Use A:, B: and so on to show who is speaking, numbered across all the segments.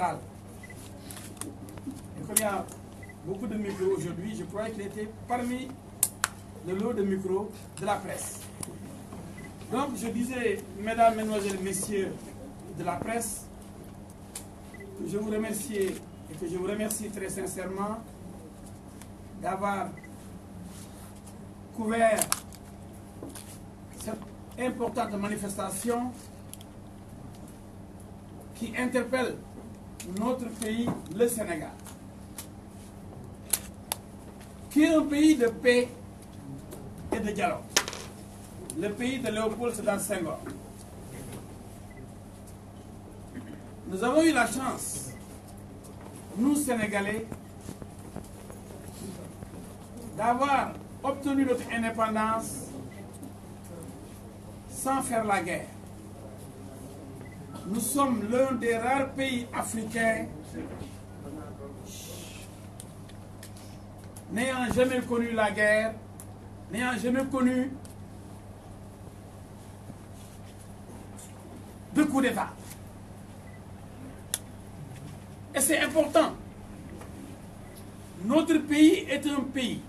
A: Et comme il y a beaucoup de micros aujourd'hui, je crois qu'il était parmi le lot de micros de la presse. Donc je disais, mesdames, mesdemoiselles, messieurs de la presse, que je vous remercie et que je vous remercie très sincèrement d'avoir couvert cette importante manifestation qui interpelle notre pays, le Sénégal, qui est un pays de paix et de dialogue. Le pays de Léopold c'est le Sénégal. Nous avons eu la chance, nous Sénégalais, d'avoir obtenu notre indépendance sans faire la guerre nous sommes l'un des rares pays africains n'ayant jamais connu la guerre, n'ayant jamais connu de coup d'État. Et c'est important. Notre pays est un pays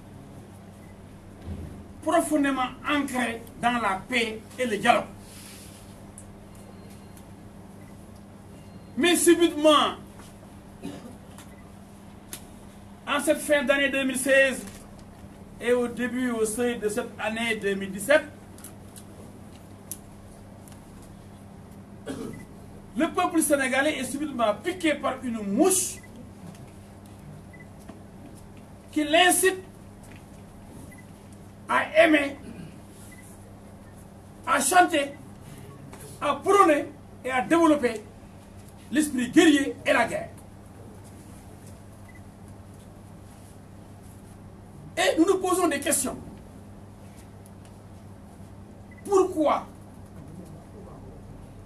A: profondément ancré dans la paix et le dialogue. Mais subitement, en cette fin d'année 2016 et au début au de cette année 2017, le peuple sénégalais est subitement piqué par une mouche qui l'incite à aimer, à chanter, à prôner et à développer l'esprit guerrier et la guerre. Et nous nous posons des questions. Pourquoi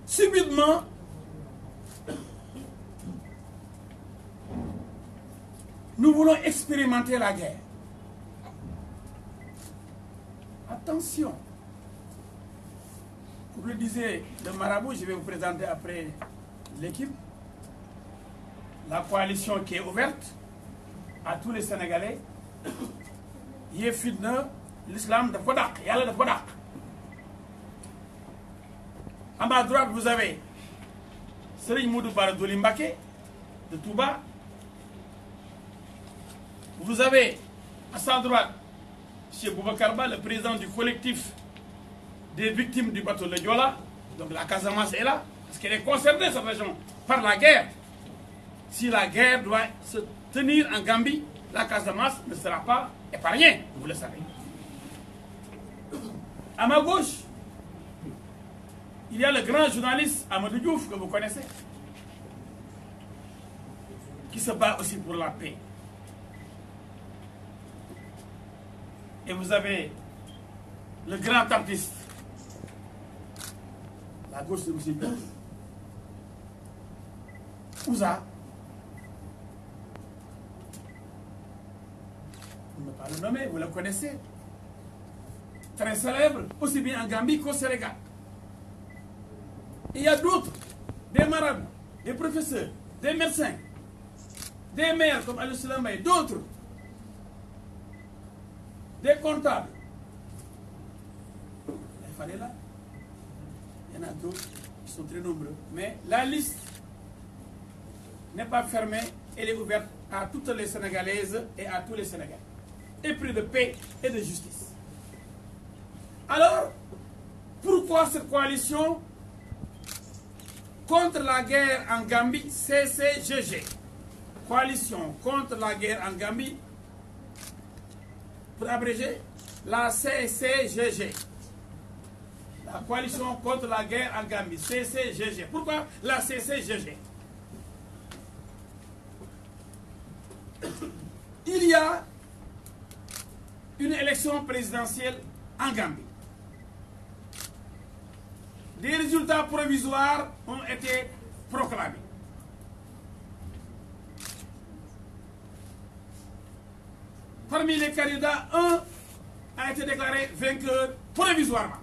A: subitement nous voulons expérimenter la guerre Attention. vous le disait de marabout, je vais vous présenter après l'équipe la coalition qui est ouverte à tous les Sénégalais est fidèle, l'islam de Fodak, y de daf de Fodak. à ma droite vous avez Serigne Moudou Bara de Touba vous avez à sa droite M. Boubacar Ba le président du collectif des victimes du bateau de Diola, donc la Casamance est là parce qu'elle est concernée cette région par la guerre si la guerre doit se tenir en Gambie, la de masse ne sera pas épargnée, vous le savez. À ma gauche, il y a le grand journaliste Amadou Diouf que vous connaissez, qui se bat aussi pour la paix. Et vous avez le grand artiste, la gauche de M. ne pas le vous le connaissez. Très célèbre, aussi bien en Gambie qu'au Sénégal. Il y a d'autres, des marabouts, des professeurs, des médecins, des maires comme al mais d'autres, des comptables. Il fallait Il y en a d'autres qui sont très nombreux. Mais la liste n'est pas fermée, elle est ouverte à toutes les Sénégalaises et à tous les Sénégalais épris de paix et de justice. Alors, pourquoi cette coalition contre la guerre en Gambie, CCGG, coalition contre la guerre en Gambie, pour abréger, la CCGG, la coalition contre la guerre en Gambie, CCGG. Pourquoi la CCGG Il y a une élection présidentielle en Gambie. Des résultats provisoires ont été proclamés. Parmi les candidats, un a été déclaré vainqueur provisoirement.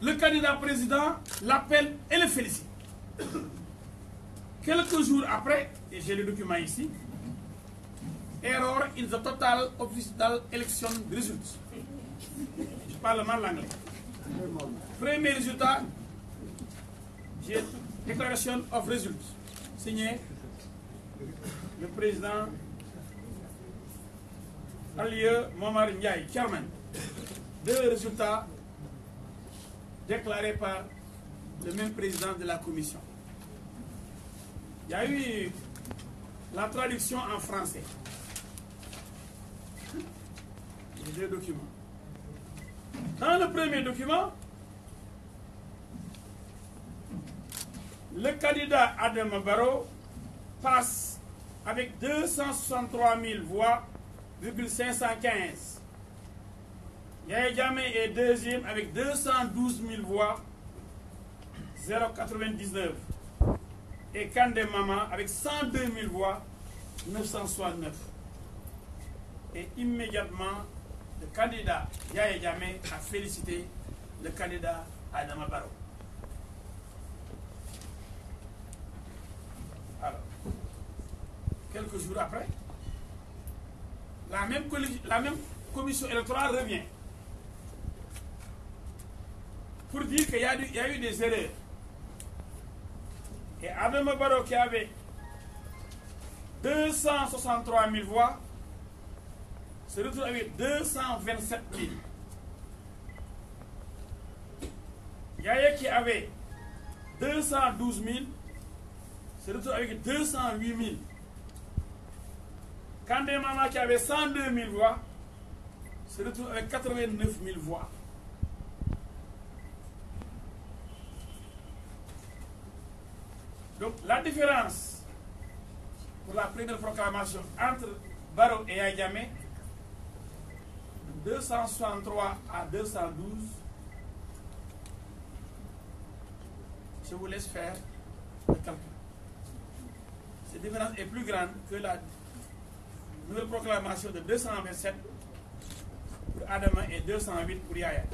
A: Le candidat président l'appelle et le félicite. Quelques jours après, et j'ai le document ici, error in the total official election results. Je parle mal l'anglais. Premier résultat, déclaration of Results, signé le président Aliye Momar Ndiaye, chairman. Deux résultats déclarés par le même président de la commission. Il y a eu la traduction en français deux documents. Dans le premier document, le candidat Adam Barrow passe avec 263 000 voix, 515. Yaya Djamé est deuxième avec 212 000 voix, 0,99. Et Kandemama Mama avec 102 000 voix, 969. Et immédiatement, le candidat Yaya Yamé a félicité le candidat Adam Barrow. Alors, quelques jours après, la même, la même commission électorale revient pour dire qu'il y, a eu des erreurs. Et Adam Barrow qui avait 263 000 voix se retrouve avec 227 000. Yaya qui avait 212 000 se retrouve avec 208 000. Kandemama qui avait 102 000 voix se retrouve avec 89 000 voix. Donc la différence pour la première proclamation entre Baro et Ayamé 263 à 212, je vous laisse faire le calcul. Cette différence est plus grande que la nouvelle proclamation de 227 pour Adama et 208 pour Yahya.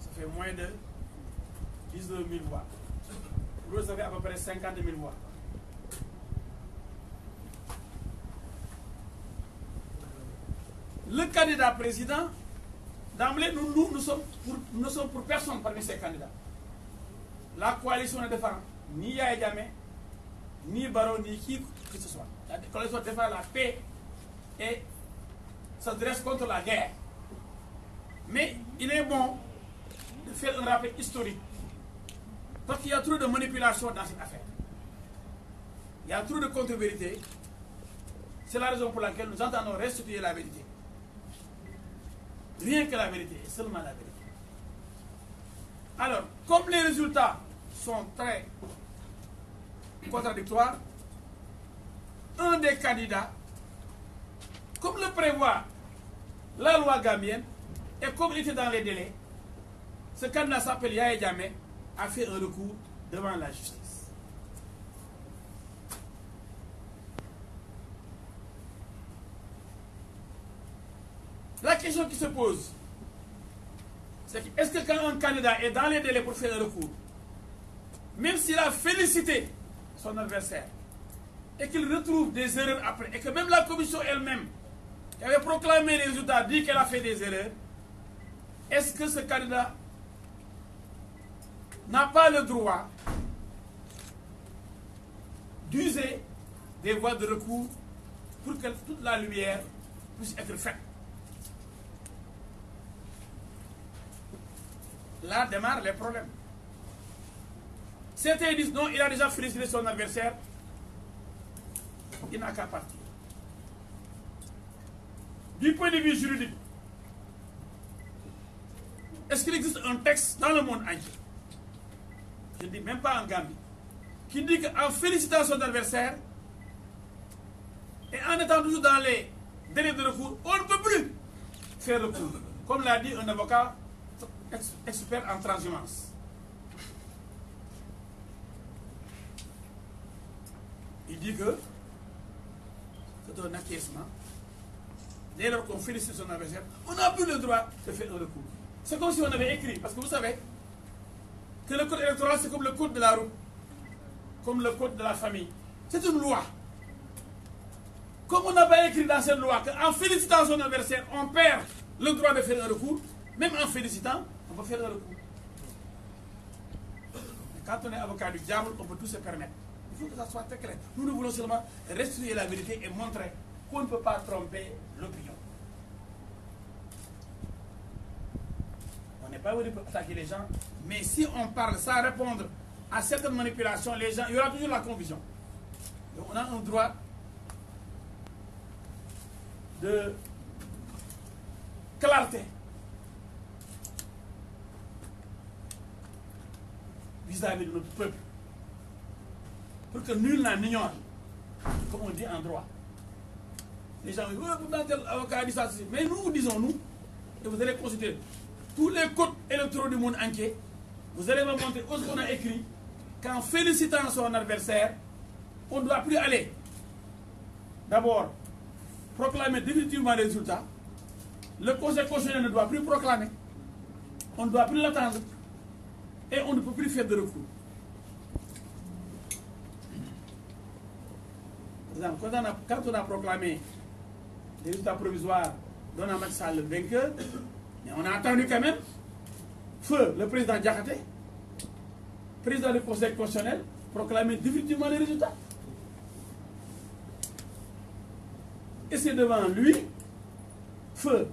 A: Ça fait moins de 19 000 voix. Vous avez à peu près 50 000 voix. le candidat président, d'emblée, nous, nous, sommes pour, personne parmi ces candidats. La coalition ne défend ni Yaïdjamé, ni Baron, ni qui que ce soit. La coalition défend la paix et s'adresse contre la guerre. Mais il est bon de faire un rappel historique. Parce qu'il y a trop de manipulation dans cette affaire. Il y a trop de contre-vérité. C'est la raison pour laquelle nous entendons restituer la vérité. Rien que la vérité, seulement la vérité. Alors, comme les résultats sont très contradictoires, un des candidats, comme le prévoit la loi gamienne, et comme il était dans les délais, ce candidat s'appelle Yahya Djamé, a fait un recours devant la justice. pose, c'est est-ce que quand un candidat est dans les délais pour faire un recours, même s'il a félicité son adversaire, et qu'il retrouve des erreurs après, et que même la commission elle-même, avait proclamé les résultats, dit qu'elle a fait des erreurs, est-ce que ce candidat n'a pas le droit d'user des voies de recours pour que toute la lumière puisse être faite là démarrent les problèmes. Certains disent non, il a déjà félicité son adversaire, il n'a qu'à partir. Du point de vue juridique, est-ce qu'il existe un texte dans le monde entier, je ne dis même pas en Gambie, qui dit qu'en félicitant son adversaire et en étant toujours dans les délais de recours, on ne peut plus faire recours. Comme l'a dit un avocat expert en transhumance. Il dit que c'est un acquiescement. Dès lors qu'on félicite son adversaire, on n'a plus le droit de faire un recours. C'est comme si on avait écrit, parce que vous savez que le code électoral, c'est comme le code de la route, comme le code de la famille. C'est une loi. Comme on n'a pas écrit dans cette loi qu'en félicitant son adversaire, on perd le droit de faire un recours, même en félicitant, on peut faire le coup. Mais quand on est avocat du diable, on peut tout se permettre. Il faut que ça soit très clair. Nous, nous voulons seulement restituer la vérité et montrer qu'on ne peut pas tromper l'opinion. On n'est pas venu pour attaquer les gens, mais si on parle sans répondre à certaines manipulations, les gens, il y aura toujours la confusion. on a un droit de clarté vis-à-vis de notre peuple. Pour que nul n'en ignore, comme on dit en droit. Les gens disent, oh, oui, l'avocat mais nous, disons nous, et vous allez consulter tous les codes électoraux du monde entier, vous allez me montrer où qu'on a écrit qu'en félicitant son adversaire, on ne doit plus aller. D'abord, proclamer définitivement les résultats. Le conseil constitutionnel ne doit plus proclamer. On ne doit plus l'attendre et on ne peut plus faire de recours. Quand on, a, quand on a proclamé les résultats provisoires Donald Maxal, le vainqueur, on a attendu quand même feu le président Diakate, président du Conseil constitutionnel, proclamer définitivement les résultats. Et c'est devant lui, feu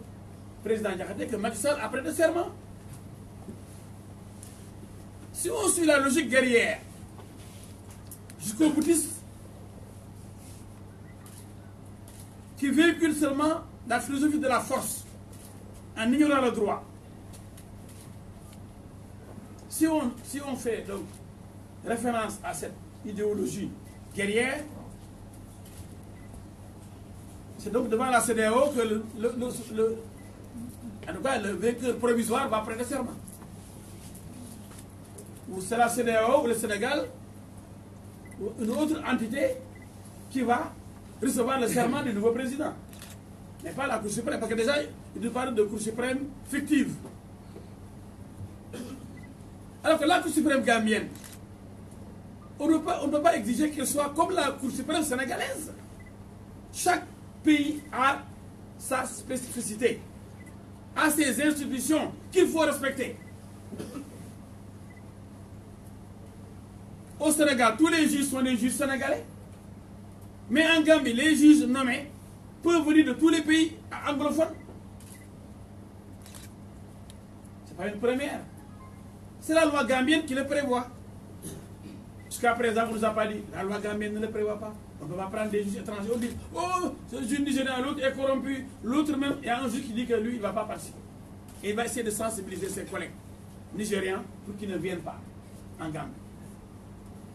A: président Diakate, que Macky a a prêté serment. Si on suit la logique guerrière, jusqu'au boutisme qui véhicule seulement la philosophie de la force, en ignorant le droit. Si on, si on fait donc référence à cette idéologie guerrière, c'est donc devant la CDAO que le, véhicule en le provisoire va prendre serment ou sera la CDAO ou le Sénégal, ou une autre entité qui va recevoir le serment du nouveau président. Mais pas la Cour suprême, parce que déjà, il nous parle de Cour suprême fictive. Alors que la Cour suprême gambienne, on on ne peut pas exiger qu'elle soit comme la Cour suprême sénégalaise. Chaque pays a sa spécificité, a ses institutions qu'il faut respecter. Au Sénégal, tous les juges sont des juges sénégalais. Mais en Gambie, les juges nommés peuvent venir de tous les pays anglophones. Ce n'est pas une première. C'est la loi gambienne qui le prévoit. Jusqu'à présent, on ne nous a pas dit. La loi gambienne ne le prévoit pas. On ne peut pas prendre des juges étrangers. On dit, oh, ce juge nigérien, l'autre est corrompu. L'autre même, il y a un juge qui dit que lui, il ne va pas participer. Et il va essayer de sensibiliser ses collègues nigériens pour qu'ils ne viennent pas en Gambie.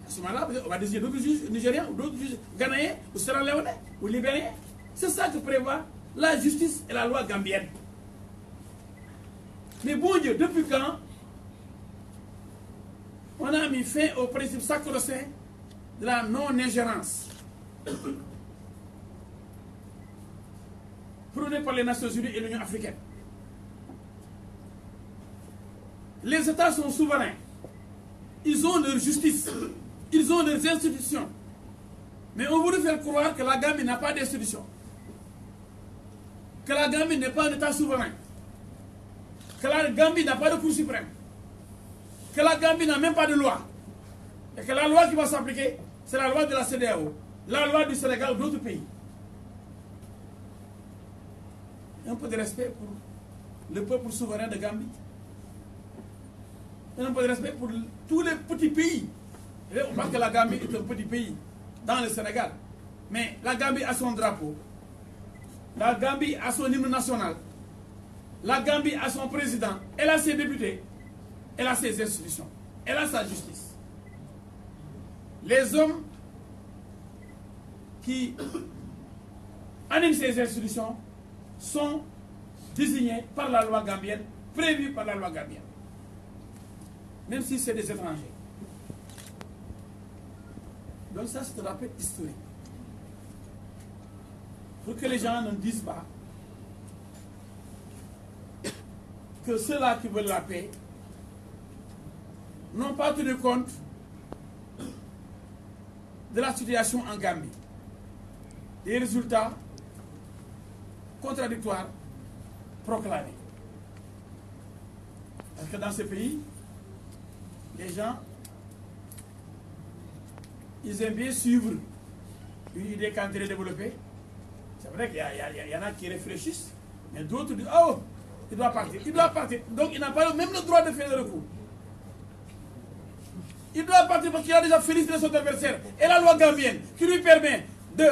A: À ce moment-là, on va désigner d'autres juges nigériens, ou d'autres juges ghanéens, ou sénégalais, léonais ou libériens. C'est ça que prévoit la justice et la loi gambienne. Mais bon Dieu, depuis quand on a mis fin au principe sacro de la non-ingérence prônée par les Nations Unies et l'Union africaine. Les États sont souverains. Ils ont leur justice. Ils ont des institutions. Mais on voulait faire croire que la Gambie n'a pas d'institution. Que la Gambie n'est pas un État souverain. Que la Gambie n'a pas de Cour suprême. Que la Gambie n'a même pas de loi. Et que la loi qui va s'appliquer, c'est la loi de la CDAO, la loi du Sénégal ou d'autres pays. Un peu de respect pour le peuple souverain de Gambie. Un peu de respect pour tous les petits pays on voit que la Gambie est un petit pays dans le Sénégal. Mais la Gambie a son drapeau. La Gambie a son hymne national. La Gambie a son président. Elle a ses députés. Elle a ses institutions. Elle a sa justice. Les hommes qui animent ces institutions sont désignés par la loi gambienne, prévus par la loi gambienne. Même si c'est des étrangers. Donc ça, c'est un rappel historique. Pour que les gens ne disent pas que ceux-là qui veulent la paix n'ont pas tenu compte de la situation en Gambie. Des résultats contradictoires proclamés. Parce que dans ce pays, les gens ils aiment bien suivre une idée quand elle est développée. C'est vrai qu'il y, en a qui réfléchissent, mais d'autres disent Oh, il doit partir, il doit partir. Donc il n'a pas même le droit de faire le recours. Il doit partir parce qu'il a déjà félicité son adversaire. Et la loi gambienne qui lui permet de,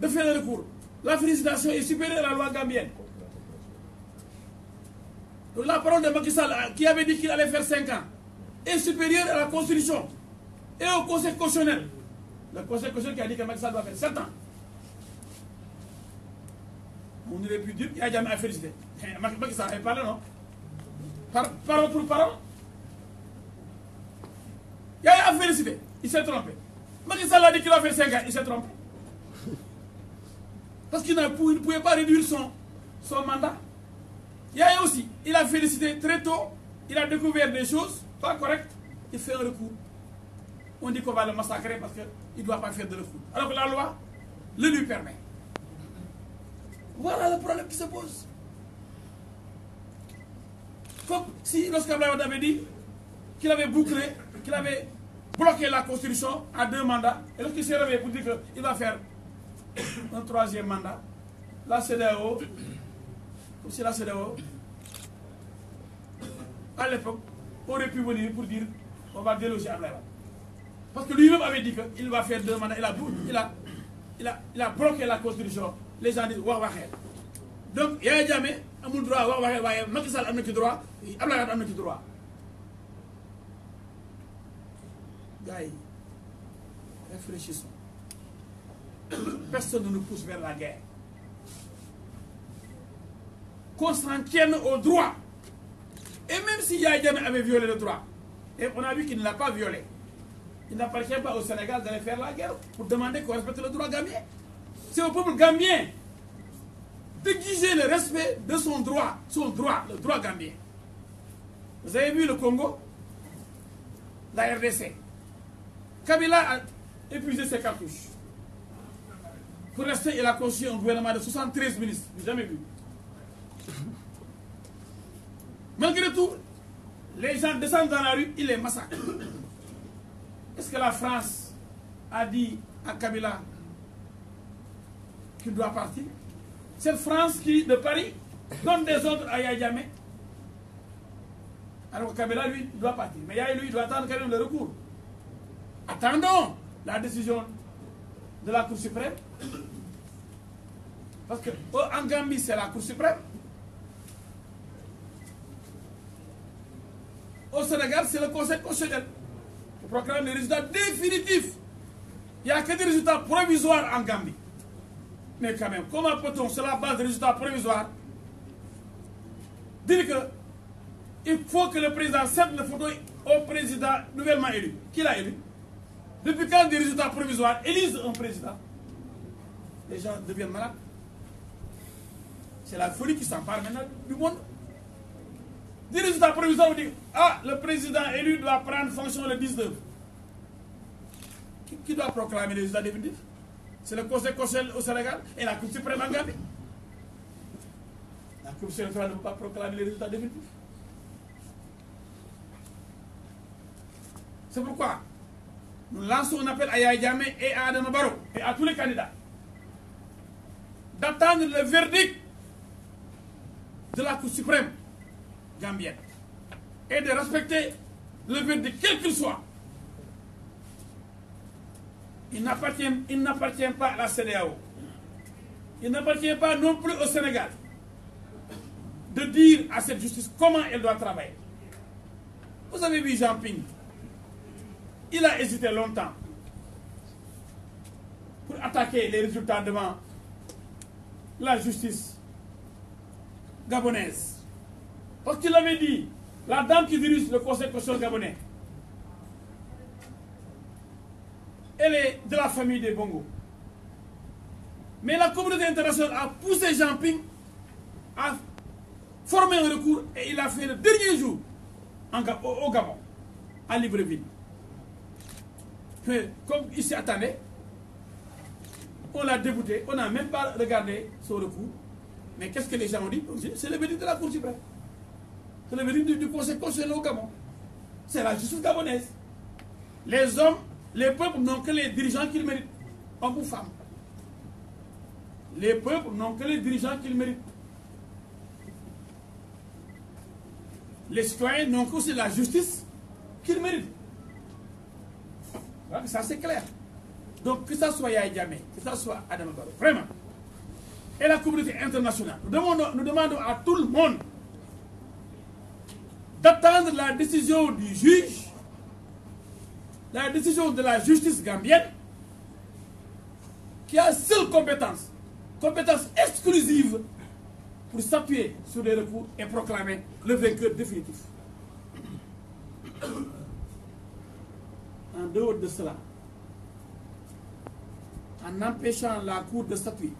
A: de, faire le recours. La félicitation est supérieure à la loi gambienne. Donc la parole de Macky Sall, euh, qui avait dit qu'il allait faire 5 ans, est supérieure à la Constitution et au Conseil cautionnel. Le Conseil cautionnel qui a dit que Macky Sall doit faire 7 ans. On ne plus dire, il a jamais à féliciter. Macky Sall a parlé, non par, Parole pour parole. Il a félicité, Il s'est trompé. Macky a dit qu'il a fait 5 ans. Il s'est trompé. Parce qu'il ne pouvait pas réduire son, son mandat. a aussi, il a félicité très tôt, il a découvert des choses pas correctes, il fait un recours on dit qu'on va le massacrer parce qu'il ne doit pas faire de le foot. Alors que la loi le lui permet. Voilà le problème qui se pose. Comme si lorsqu'Abraham avait dit qu'il avait bouclé, qu'il avait bloqué la constitution à deux mandats, et lorsqu'il s'est réveillé pour dire qu'il va faire un troisième mandat, la CDAO, comme si la CDAO, à l'époque, aurait pu venir pour dire qu'on va déloger Abraham. Parce que lui-même avait dit qu'il va faire deux mandats, il a, il a, il a, il a bloqué la constitution. Les gens disent Wa Donc, Yaya y a le droit, Wahwahe, Sall a le droit, Ablagat a le droit. Gaï, réfléchissons. Personne ne nous pousse vers la guerre. Qu'on s'en tienne au droit. Et même si Yaya avait violé le droit, et on a vu qu'il ne l'a pas violé il n'appartient pas au Sénégal d'aller faire la guerre pour demander qu'on respecte le droit gambien. C'est au peuple gambien d'exiger le respect de son droit, son droit, le droit gambien. Vous avez vu le Congo La RDC. Kabila a épuisé ses cartouches. Pour rester, il a conçu un gouvernement de 73 ministres. Jamais vu. Malgré tout, les gens descendent dans la rue, ils les massacrent. Est-ce que la France a dit à Kabila qu'il doit partir Cette France qui, de Paris, donne des ordres à Yahya Alors Kabila, lui, doit partir. Mais Yahya, lui, doit attendre quand même le recours. Attendons la décision de la Cour suprême. Parce que oh, en Gambie, c'est la Cour suprême. Au Sénégal, c'est le Conseil constitutionnel proclame les résultats définitifs. Il n'y a que des résultats provisoires en Gambie. Mais quand même, comment peut-on, sur la base des résultats provisoires, dire que il faut que le président cède le photo au président nouvellement élu Qui l'a élu Depuis quand des résultats provisoires élisent un président Les gens deviennent malades. C'est la folie qui s'empare maintenant du monde. Des résultats provisoires, dit ah, le président élu doit prendre fonction le 19. Qui, qui doit proclamer les résultats définitifs C'est le Conseil constitutionnel au Sénégal et la Cour suprême en Gambie. La Cour suprême ne peut pas proclamer les résultats définitifs. C'est pourquoi nous lançons un appel à Yahya et à Adam Baro et à tous les candidats d'attendre le verdict de la Cour suprême gambienne et de respecter le de quel qu'il soit. Il n'appartient pas à la CDAO. Il n'appartient pas non plus au Sénégal de dire à cette justice comment elle doit travailler. Vous avez vu Jean Ping. Il a hésité longtemps pour attaquer les résultats devant la justice gabonaise. Parce qu'il avait dit la dame qui dirige le Conseil constitutionnel gabonais, elle est de la famille des Bongo. Mais la communauté internationale a poussé Jean Ping à former un recours et il a fait le dernier jour en, au, Gabon, à Libreville. comme il s'y attendait, on l'a débouté, on n'a même pas regardé son recours. Mais qu'est-ce que les gens ont dit C'est le béni de la Cour suprême. C'est le mérite du, Conseil constitutionnel au Gabon. C'est la justice gabonaise. Les hommes, les peuples n'ont que les dirigeants qu'ils méritent, hommes ou femmes. Les peuples n'ont que les dirigeants qu'ils méritent. Les citoyens n'ont que aussi la justice qu'ils méritent. ça c'est clair. Donc que ça soit Yahya que ça soit Adam vraiment. Et la communauté internationale, nous demandons à tout le monde d'attendre la décision du juge, la décision de la justice gambienne, qui a seule compétence, compétence exclusive pour s'appuyer sur les recours et proclamer le vainqueur définitif. En dehors de cela, en empêchant la Cour de statuer,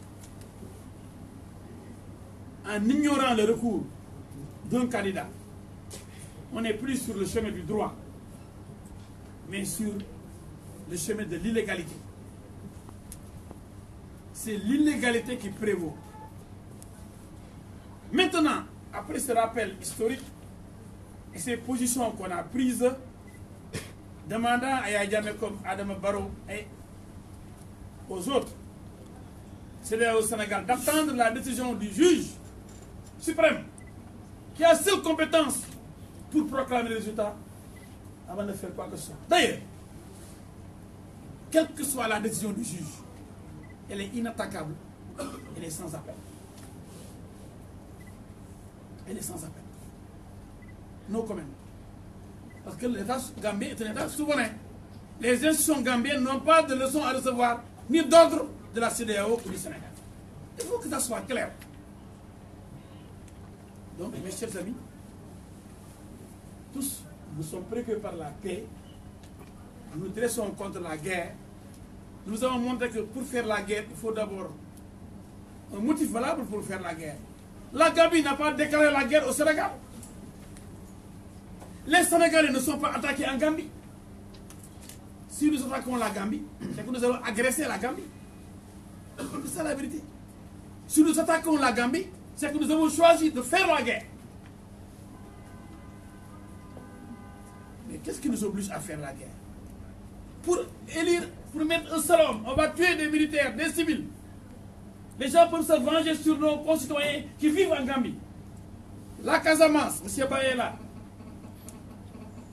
A: en ignorant le recours d'un candidat, on n'est plus sur le chemin du droit, mais sur le chemin de l'illégalité. C'est l'illégalité qui prévaut. Maintenant, après ce rappel historique et ces positions qu'on a prises, demandant à Yadjame comme Adam Barrow et aux autres, c'est au Sénégal d'attendre la décision du juge suprême qui a seule compétence pour proclamer le résultat avant de faire quoi que ce soit. D'ailleurs, quelle que soit la décision du juge, elle est inattaquable, elle est sans appel. Elle est sans appel. Non quand même. Parce que l'État gambien est un État souverain. Les institutions gambiennes n'ont pas de leçons à recevoir, ni d'ordre de la CDAO ou du Sénégal. Il faut que ça soit clair. Donc, mes chers amis, nous sommes préoccupés par la paix, nous dressons contre la guerre. Nous avons montré que pour faire la guerre, il faut d'abord un motif valable pour faire la guerre. La Gambie n'a pas déclaré la guerre au Sénégal. Les Sénégalais ne sont pas attaqués en Gambie. Si nous attaquons la Gambie, c'est que nous allons agresser la Gambie. C'est la vérité. Si nous attaquons la Gambie, c'est que nous avons choisi de faire la guerre. qu'est-ce qui nous oblige à faire la guerre Pour élire, pour mettre un seul homme, on va tuer des militaires, des civils. Les gens peuvent se venger sur nos concitoyens qui vivent en Gambie. La Casamance, M. Baye là,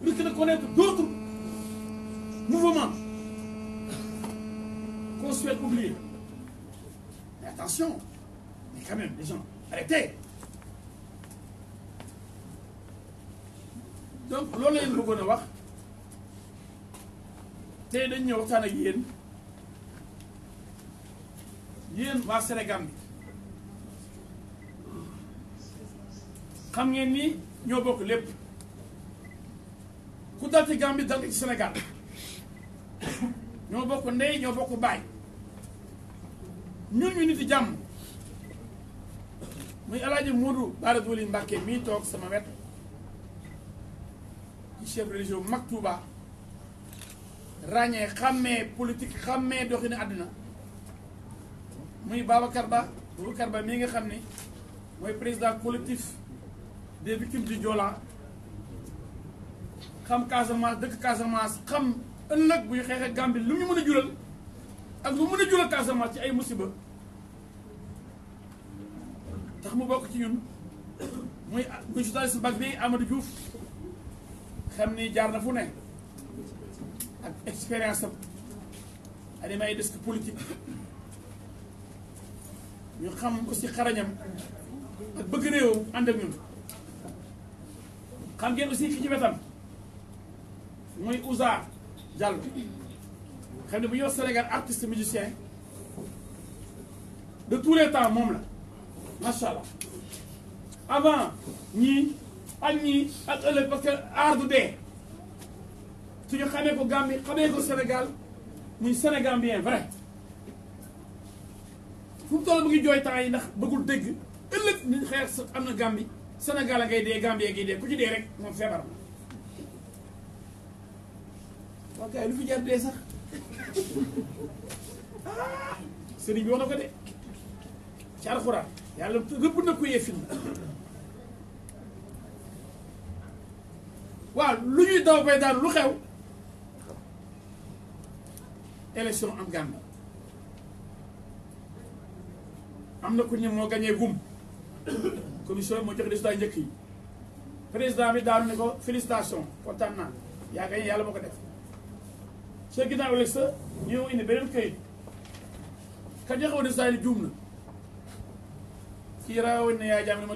A: risque de connaître d'autres mouvements qu'on souhaite oublier. Mais attention, mais quand même, les gens, arrêtez donc loolu la ñu bëggoon a wax tey dañ ñëw waxtaan ak yéen yéen waa Sénégal bi xam ngeen ni ñoo bokk lépp ku dal ci Gambie dal ci Sénégal ñoo bokk ndey ñoo bokk baay ñun ñu nit jàmm muy El Hadj Modou Bara Dolly Mbacké mii toog sama wet. chef religieux mag Touba ràññee xàmmee politique xàmmee doxinu àdduna muy Babacar Ba Babacar Ba mii nga xam ni mooy président collectif des victimes du Joola xam Casamance dëkk Casamance xam ëllëg buy xeex Gambie lu ñu mën a jural ak lu mën a jural Casamance ci ay musiba tax mu bokk ci ñun muy muy journaliste mag bi Amadou Diouf xam ni jaar na fu ne ak expérience am adama ay desk politique ñu xam aussi xarañam ak bëgg réewam ànd ñun xam ngeen aussi ki ci wetam muy Ousa Diallo xam ne bu ñuy Sénégal artiste musicien de tous les temps moom la macha allah avant ñii agni parce que aar du dee ko Gambie xamee ko Sénégal muy Sénégal bien vrai fu mu mu ngi jooy temps ndax bëggul dégg ëllëg sa am Gambie Sénégal a ngay dee Gambie a ngay ku ci dee rek moom feebar waaw lu fi jar sax ah! sëriñ bi wax na ko de na ko waaw lu ñuy daw bay daanu lu xew élection am Gambie am na ku ñu moo gañee gum commission moo jox résultat njëkk yi président bi daanu ne ko félicitation kontaan naa yaa gañee yàlla moo ko def sa ginnaaw ëllëg sa ñëw indi beneen këyit ka joxewoon résultat yi na kii raawoon ne yaa jaam ne ma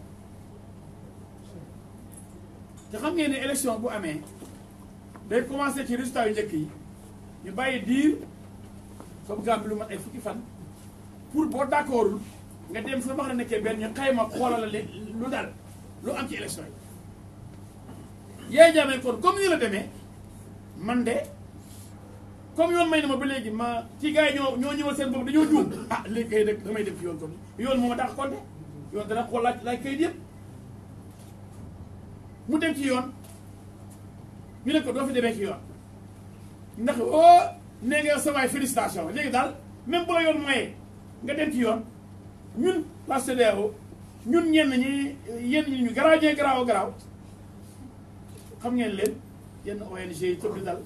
A: te xam ngeen ne élection bu amee day commencé ci résultat yu njëkk yi ñu bàyyi diir comme gàmm lu ma ay fukki fan pour boo d'accordul nga dem fa ma xam ne nekkee benn ñu xayma xoolal lu dal lu am ci élection yi. yaay jaamee kon comme ni la demee man de comme yoon may na ma ba léegi ma ci gars ñoo ñoo ñëwal seen bopp dañoo juum ah léegi kay dëkk damay dem ci yoon kon yoon moo ma dàq konte yoon dana xool laaj laaj kayit yëpp. mu dem ci yoon ñu ne ko doo fi demee ci yoon ndax oo oh, nee nga sa waay léegi daal même boo la yoon mooyee nga dem ci yoon ñun parcedeao ñun ñenn ñi yenn ñi ñu garaaw ñee garaaw a garaaw xam ngeen leen yenn ONG yi cëb di dal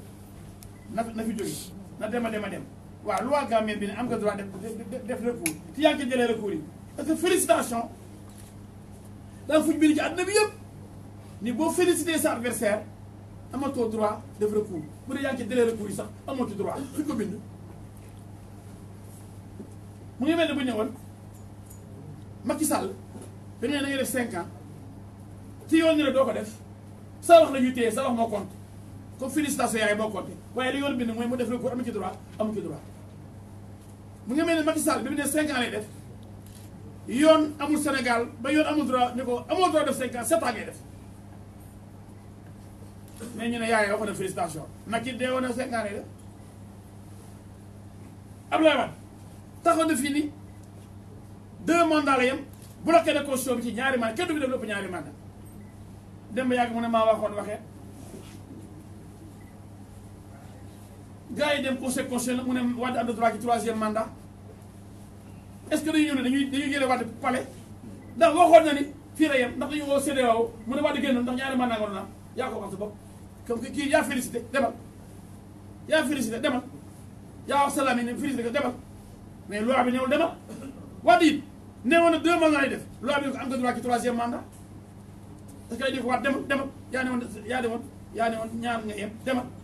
A: na na fi jóge na dem a dem a dem waaw loi Gambien bi ne am nga droit def def recours ci yaa ngi jëlee recours yi parce que félicitation daal fuñ bind ci àdduna bi yëpp ni bo féliciter sa adversaire le droit de recours pour dee yaa de recours sax droit suñ ko bind. mu ngi mel un bu ñëwoon Macky Sall nga def 5 ans ci yoon ñu ne ko def sa wax la ñuy sa wax moo compte comme félicitation yaay moo compte waaye li yoon bind moy mu def recours amu droit amu ci droit mu ngi mel Macky Sall 5 ans lay def yoon amul Sénégal ba yoon amul droit ne ko droit def 5 ans 7 ans ngay mais ñu ne yaay waxoon na félicitation Macky dee woon na cinq ans de Abdoulaye Wade taxaw na fii nii deux mandats la yem bloqué na constitution bi ci ñaari mandat kenn du fi def ñaari mandat dem ba yàgg mu ne maa waxoon waxee gars yi dem conseil constitutionnel mu ne wax am na droit ci troisième mandat est que dañuy ñëw ne dañuy dañuy jëlee Wade palais ndax waxoon na ni fii la yem ndax dañu woo CEDEAO mu ne Wade génn ndax ñaari mandat nga doon am yaa ko wax bopp comme qui félicité, félicité a félicité félicité mais loi deux mandats troisième mandat que ans ans a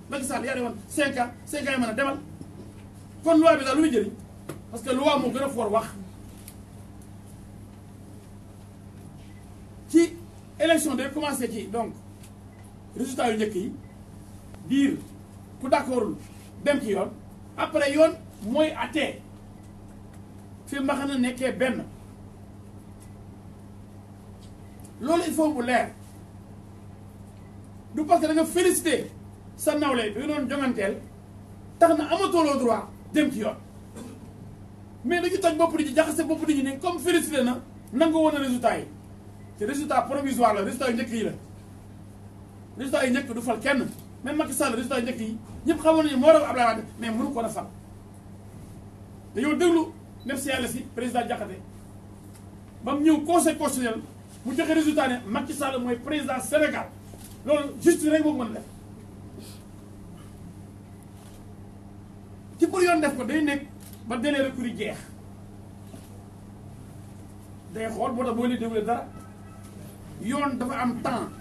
A: parce que loi élection de commencé donc résultat yu njëkk yi diir ku d'accordul dem ci yoon après yoon mooy attee fi ne nekkee benn loolu il faut leer du parce que da nga félicité sa nawle bi nga doon jonganteel tax na amatoloo droit dem ci yoon mais dañu toj bopp di ci jaxase bopp di ñu ne comme félicité na nangu woon a résultat yi te résultat provisoire la résultat yu njëkk yi la résultat yi njëkk du fal kenn même Macky Sall résultat yi njëkk yi ñëpp xamoon nañu moo raw Abdoulaye Wade mais mënu ko na fal dañoo déglu même si yàlla si président Diakhaté ba mu ñëw conseil constitutionnel mu joxe résultat ne Macky Sall mooy président Sénégal loolu juste rek moo mën a def ci pour yoon def ko day nekk ba délai recours yi jeex day xool boo tax boo leen dara yoon dafa am temps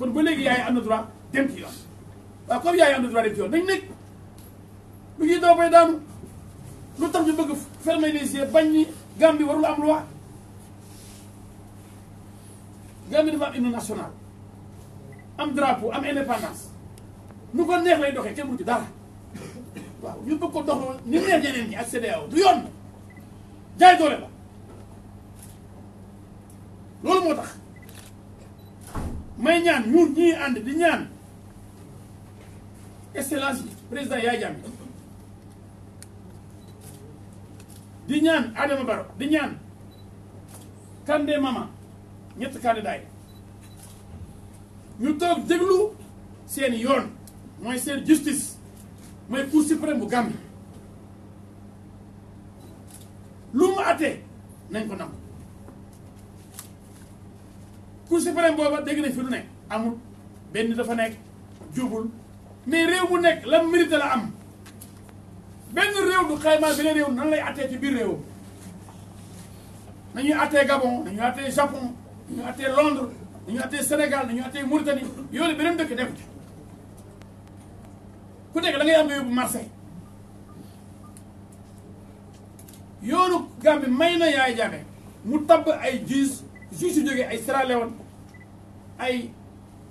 A: kon ba léegi yaay am na droit dem ci yoon waaw comme yaay am na droit dem ci yoon nañ nekk lu ñuy doo koy daanu lu tax ñu bëgg fermer bañ ni Gambie warul am loi Gambie dafa am hymne am drapeau am indépendance nu ko neex lay doxee kenn mënu ci dara waaw ñu bëgg ko doxloo ni neex ñeneen ñi ak CEDEAO du yoon jaay doole la loolu moo tax may ñaan ñun ñi and di ñaan excellence président Yaya jamm di ñaan Adama di ñaan kande Mama ñet candidat yi ñu tok deglu seen yoon moy seen justice moy cour suprême bu Gambie lu mu até nañ ko nangu cour suprême booba dégg na fi lu ne amul benn dafa nekk jubul mais réew mu nekk la mérite la am benn réew du xaymaa beneen réew nan lay attee ci biir réew nañuy attee Gabon nañuy attee Japon nañuy attee Londres nañuy attee Sénégal nañuy attee Mauritanie yooyu beneen dëkk def ci ku nekk da am nga yóbbu Marseille yoonu Gambie may na yaay jaame mu tabb ay juge suñ si ay Sierra Leone ay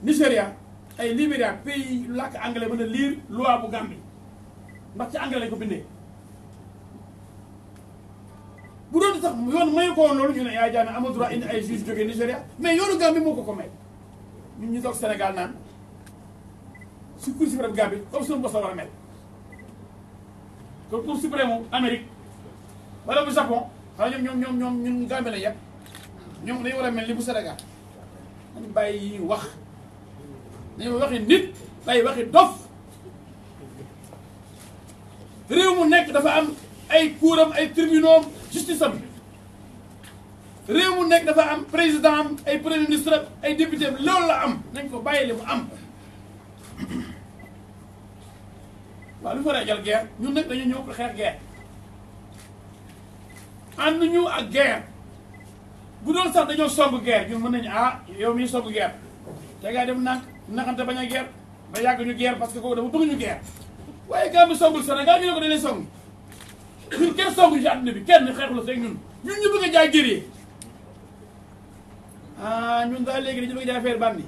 A: Nigéria ay Libéria pays làkk anglais mën a lire bu Gambie ndax ci anglais lañ ko bindee bu doon sax yoon loolu ñu ne yaa jaame amul ay juge jógee Nigéria mais yoonu Gambie moo ko ko may ñun ñu toog Sénégal naan su cour suprême Gambie comme suñu bos la war a mel kon bu Japon xanaa ñoom ñoom ñoom ñoom ñun Gambie la ñoom dañu war a mel ni bu Sénégal dañu bàyyi wax dañu waxi nit bàyyi waxi dof réew mu nekk dafa am ay kuuram ay tribunaux justice am réew mu nekk dafa am président am ay premier ministre ay député am loolu la am nañ ko bàyyi li mu am waaw lu fa rajal guerre ñun nag dañu ñëw pour xeex guerre ànd ñu ak guerre bu doon sax dañoo song guerre ñun mën nañu ah yow mii song guerre te gaa dem nànk naxante bañ a guerre ba yàgg ñu guerre parce que kooku dafa bëgg ñu guerre waaye gaa mi songul Sénégal ñu ne ko dañ lay song ñun kenn songuñu ci àdduna bi kenn xeexul rek ñun ñun ñu bëgg a jaay guerrier ah ñun daal léegi dañu bëgg jaay affaire bandi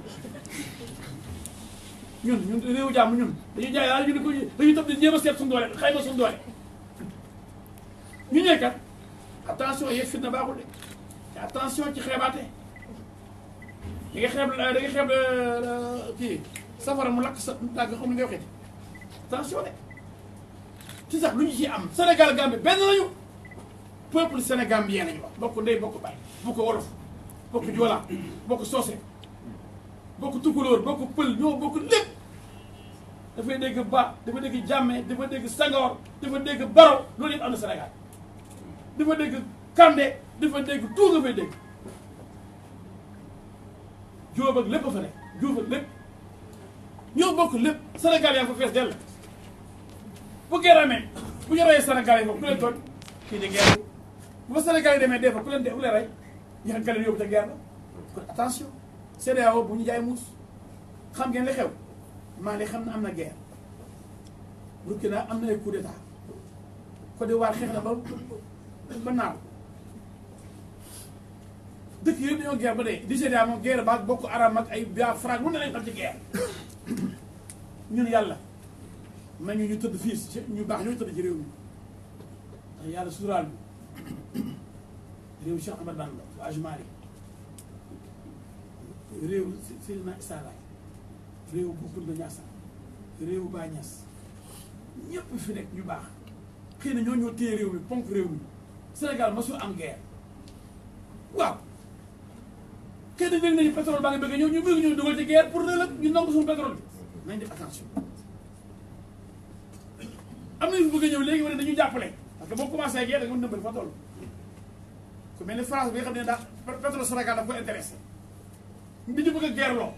A: ñun ñun réewu jàmm ñun dañuy jaay daal ñu ne ko dañuy topp di jéem a seet suñu doole xayma suñu doole ñu ñëw kat attention yëf fitna baaxul de. attention ci xeebaate da nga xeeb da nga xeeb euh, kii safara mu lakk sa tàgg nga xam ne ngay waxee attention de ci sax lu ñu ci am Sénégal Gambie benn lañu peuple sénégambien lañu wax bokk ndey bokk baay bokk wolof bokk joola bokk soose bokk tukulóor bokk pël ñoo bokk lépp dafay dégg ba dafa dégg jàmme dafa dégg sangoor dafa dégg baro loolu yëpp am na Sénégal dafa dégg Kande dafa dégg tout nga dégg Jóob ak lépp a fa ne Jóob ak lépp ñoo bokk lépp Sénégal yaa ko fees dell bu guerre bu ñu reyee Sénégal yi foofu ku leen tooñ kii di guerre bu fa Sénégal yi demee dee fa ku leen dee ku leen rey ñu xam galeen yóbbu te guerre la kon attention CEDEAO bu xam am na guerre Burkina na ay na ba ba naaw dëkk yëpp dañoo guerre ba dee Nigéria moom guerre baag bokk aram ak ay Biafra mun na lañ xam ci guerre ñun yàlla nañu ñu tëdd fii ñu baax ñoo tëdd ci réew mi ndax yàlla suuraal bi réew Cheikh Ahmad Bamba bu Ajmari réew Seydina Issa Laye réew Boukounda Niassane réew fi nekk ñu baax xëy na ñoo ñoo téye réew mi ponk réew mi Sénégal masul am guerre kenn dégg nañu pétrole baa ngi bëgg ñëw ñu bëgg ñëw dugal ci guerre pour ëllëg ñu nangu suñu pétrole bi nañ def attention am nañu fi bëgg ñëw léegi wane dañu jàppale parce que boo commencé guerre da nga mën nëmbal fa ku mel ni France bi nga ne daa pétrole Sénégal daf ko intéressé bi ñu bëgg a guerre loo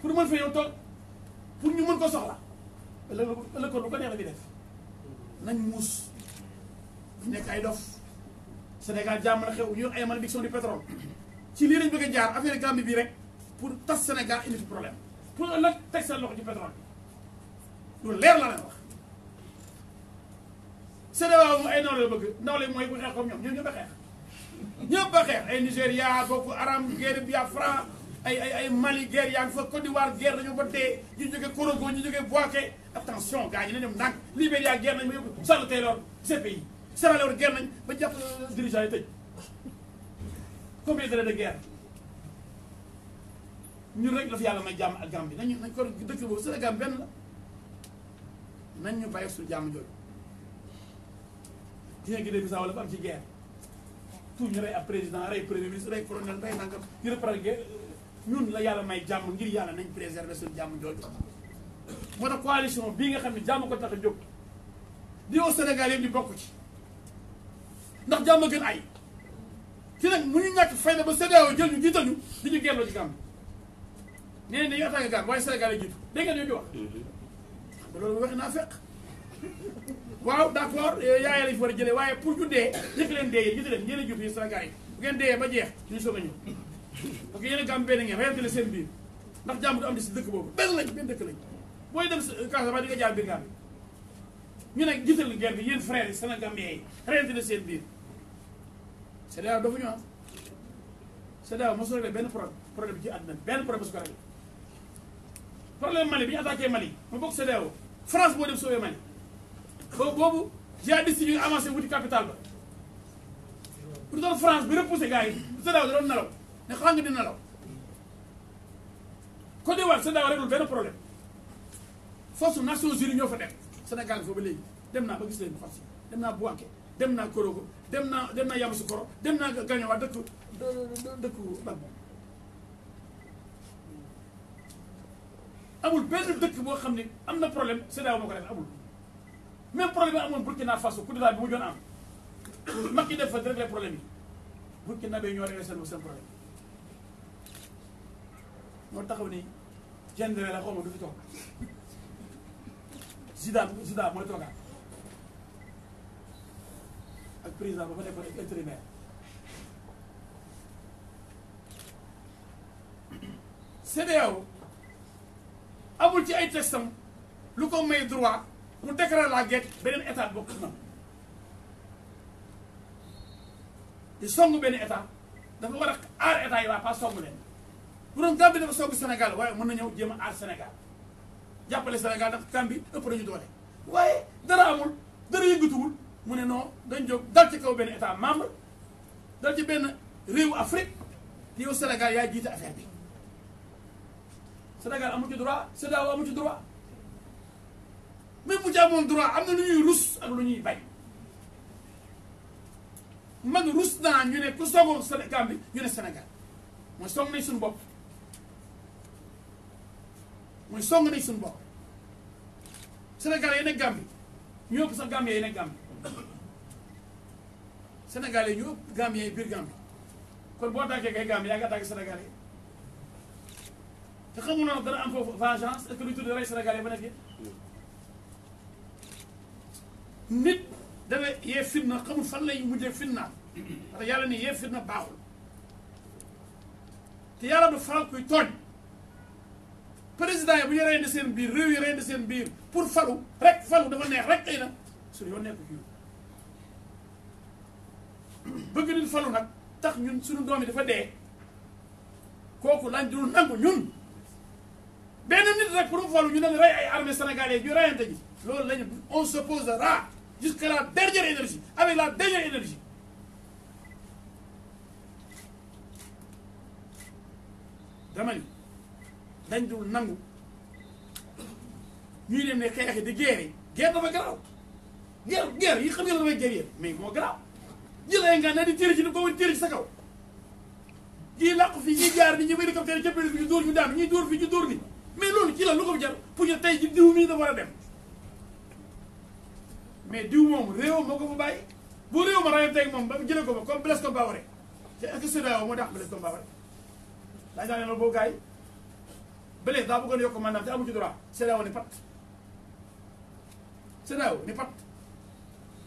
A: pour mën fa yow toog pour ñu mën ko soxla ëllëg ëllëg ko lu ko nekk ay dof Sénégal jàmm na xew ñu ay ci li lañ bëgg jaar affaire Gambie bi rek pour tas Sénégal indi fi problème pour ëllëg teg sa loxo ci pétrole bi lu leer la leen wax CEDEAO mu ay nawle la bëgg nawle mooy bu xeex comme ñoom ñoom ñëpp a xeex ñëpp a xeex ay Nigéria Boko aram guerre Biafra ay ay ay Mali guerre yaa ngi fa Côte d'Ivoire guerre dañu ba dee ñu jógee Korogo ñu jógee Boaké attention gars yi ne ñoom ndànk Libéria guerre nañ ma yóbbu Sall Taylor ces pays Sierra Leone guerre nañ ba jàpp euh, dirigeant yi tëj commissaire de guerre ñun rek la fi yàlla may jàmm ak Gambie nañu nañ ko dëkk boobu Sénégal benn la nañ ñu bàyyi suñu jàmm jooju Guinée Guinée Bissau la fa am ci guerre tout ñu rey ab président rey premier ministre rey colonel rey nangam ñu reprendre ñun la yàlla may jàmm ngir yàlla nañ préserver suñu jàmm jooju moo tax coalition bii nga xam ne jàmm ko tax a jóg di woo Sénégal yëpp di bokk ci ndax jàmm gën ay ci nak mu ñu ñàkk ba CEDEAO jël ñu jiital ñu di ñu gelloo ci Gambie né nañu attaqué Gambie waaye Sénégal yi jiitu dégg ngeen yooyu di wax. Mm-hmm. xam nga wax na fekk waaw d'accord eh, yaay lañ fa jëlé a pour ñu dee njëkk leen dee yéen jiitu leen ñeneen jiitu yéen Sénégal yi bu ngeen dee ba jeex ñu soog ñu ñëw parce gam yéen ngeen reyante la seen biir ndax jamm du am di dëkk bobu benn lañ benn dëkk lañ boy dem ba euh, di nga jaar bi Gambie ñu ne jittal ngeen bi yéen frères yi yi la seen biir CEDEAO dafa ñu am CEDEAO mosul réglé benn problème problème ci àdduna benn problème ma bokk CEDEAO France boo dem sauvé Mali boobu boobu jihadiste yi ñu avancé wuti capital ba pour doon France bi repoussé gars yi CEDEAO da doon nelaw ne xam nga dina nelaw Côte d'Ivoire CEDEAO réglul benn problème force Nations Unies ñoo fa Sénégal foofu ba léegi dem naa ba gis leen force dem naa Bouaké Demna Korogo Demna, Demna dem naa demna dem naa Gagnawa dëkk amul benn boo xam ne am na problème moo ko def amul même problème bi Burkina Faso coup d'état bi mu doon am Macky def fa régler problème yi Burkina bay ñoo réglé seen seen problème moo ni gendre la xaw du fi toog Zidane Zidane ak président ba fa nekkoon ak intérimaire CEDEAO amul ci ay textam lu ko may droit mu déclarer la guerre beneen état bokk na di song benn état dafa war a aar état yi waa pas song leen bu doon dafa song Sénégal waaye mën na ñëw jéem a aar Sénégal jàppale Sénégal ndax Gambie ëpp nañu doole waaye dara amul dara yëngatuwul mune no dañ jog dal ci kaw ben état membre dal ci ben réew afrique te au sénégal ya jité affaire bi sénégal amu ci droit sénégal amu ci droit même bu ci droit amna lu ñuy rus ak lu ñuy bay man rus naa ñu ne ku sogo sénégal bi ñu ne sénégal mooy song nañ sun bop mooy song nañ sun bop sénégal yene gambie ñoo ko sa gambie yene gambie sénégalais yi ñu ëpp Gambien yi biir Gambie kon boo tànkee kay Gambie yaa nga tànk sénégalais te xamu noonu dana am foofu vengeance est-ce que lu tudd rey sénégalais ba nekk nit dana yee fitna xamul fan lay mujjee fitna parce yàlla ni yee fitna baaxul te yàlla du faral kuy tooñ président bu ñu reyandi seen biir réew yi reyandi seen biir pour falu rek falu dafa neex rek tey na su yoon nekku bëgg nañ falu nag tax ñun sunu doom yi dafa dee kooku lañ dul nangu ñun benn nit rek pour mu falu ñu ne rey ay armée sénégalais ñu reyante ji loolu lañu on se posera jusqu'à la dernière énergie avec la dernière énergie dama ni dañ dul nangu ñuy dem ne xeexi di guerre yi guerre dafa garaaw guerre guerre yi xam nga la may guerre mais moo garaaw ji nga ne di téere ci ni ko war téere ci sa kaw kii fi ñuy jaar ni ñu may di capter ca pénis bi ñu dóor ñu daanu ñuy fi ñu dóor ni mais loolu ci la lu ko jar pour ñu tey ji diw mii dafa war dem mais diw moom réew moo ko fa bàyyi bu réew ma rayo tey moom ba jëlee ko ba comme Blaise Compaoré te est-ce que CEDEAO moo tax Blaise Compaoré daa naa ne loolu boo gars yi Blaise daa bëggoon yokk mandaam te amu ci droit CEDEAO ni pat CEDEAO ni pat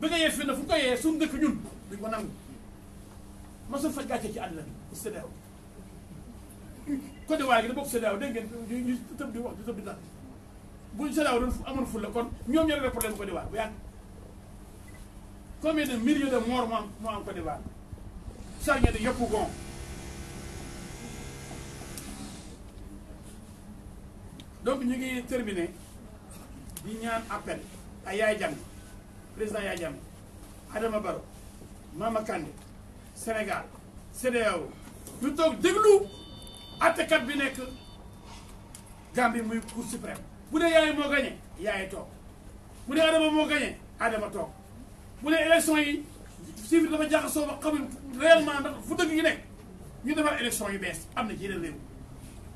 A: bëgg fi na fu ko yé suñu dëkk ñun duñ ko nangu mosul fa gatché ci adna bi pour CEDEAO Côte d'Ivoire gi da bokk CEDEAO dégg ngeen ñu tëb di wax di tëb di naan bu CEDEAO doon amoon ful la kon ñom ñoo rek problème ko d'Ivoire bu yaa combien de milliers de morts moo am moo am Côte d'Ivoire chargé de yëpp gon donc ñu ngi terminé di ñaan appel ay yaay jàng président Yaya Adama Baro, Mama Sénégal sommes nous toog déglu à bi Gambie muy cour suprême Vous dee yaay vous gañe yaay Vous Vous dee Adama moo vous Adama vous voulez élection yi réellement ndax fu dëgg yi nekk ñu élection yu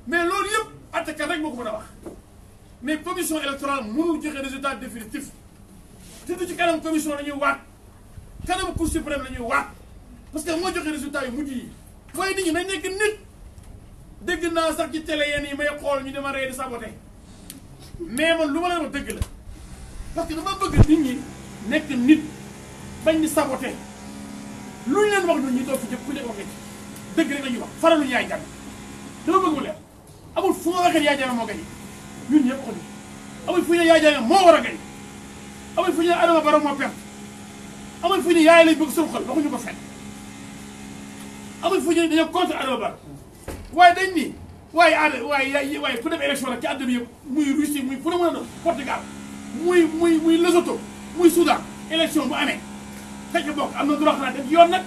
A: mais loolu yëpp rek vous mais commission électorale mënul joxe résultat définitif te du ci kanam commission la ñuy waat kanam cour suprême la ñuy waat parce que moo joxe résultat yi mujj yi. waaye nit ñi nañ nekk nit dégg naa sax ci télé yenn yi may xool ñu dama ree di saboté mais man lu ma leen wax dëgg la parce que dama bëgg nit ñi nekk nit bañ di saboté luñ leen wax ñun ñu toog fi jëpp ku nekk waxee ci dëgg rek la ñuy wax faraluñu yaay jàmm dama fu ma yaay jàmm moo gañ ñun ñëpp ko amul fu ñu yaay jàmm moo war a gañ amul fu ñu ne Adama Barrow moo perte amul fu ñu ne yaay lañ bëgg suruxal waxuñu ko fenn amul fu ñu ne dañoo contre Adama Barrow waaye dañ ni waaye aada waaye waaye fu dem élection ci àdduna yëpp muy Russie muy fu ne mën a doon Portugal muy muy muy muy Soudan élection bu amee fekk bokk am na droit xanaa yoon nag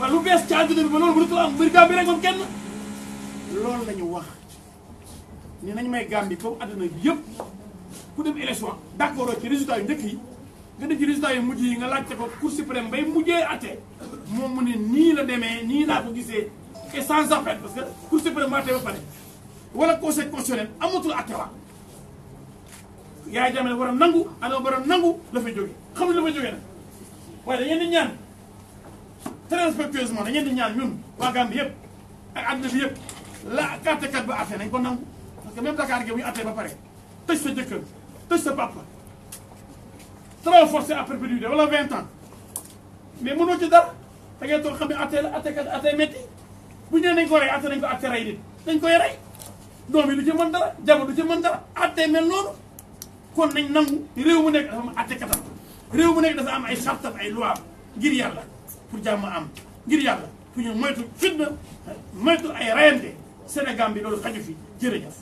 A: waaw lu bees ci àdduna bi ba loolu bu dul am mbir Gambie rek moom kenn loolu la wax ni nañ may Gambie foofu àdduna yëpp ku dem élection d' accord ci résultat yu njëkk yi nga dem ci résultat yu mujj yi nga laajte ko cour suprême bay mujjee atte moom mu ne nii la demee nii laa ko gisee et sans appel parce que cour suprême maa tee ba pare wala conseil constitutionnel amatul atte waa yaay jaamale war a nangu adama war a nangu la fay xam xamul la fay jógee nag waaye dañeen di ñaan très respectueusement dañeen di ñaan ñun waa Gambie yëpp ak àdduna yëpp la carte kat ba atte nañ ko nangu parce que même Dakar ba pare tëj sa jëkkër tëj sa papa trop forcé à perpétuité wala 20 ans mais mënoo ci dara da ngay toog xam ne atte la atte kat atte métti bu ñu nee nañ ko rey atte nañ ko atte rey nit dañ koy rey doom yi du ci mën dara jabar du ci mën dara atte mel noonu kon nañ nangu réew mu nekk dafa am atte katam réew mu nekk dafa am ay sartam ay loi ngir yàlla pour jàmm am ngir yàlla pour ñu moytu fitna moytu ay reyante Sénégal bi loolu xaju fi jërëjëf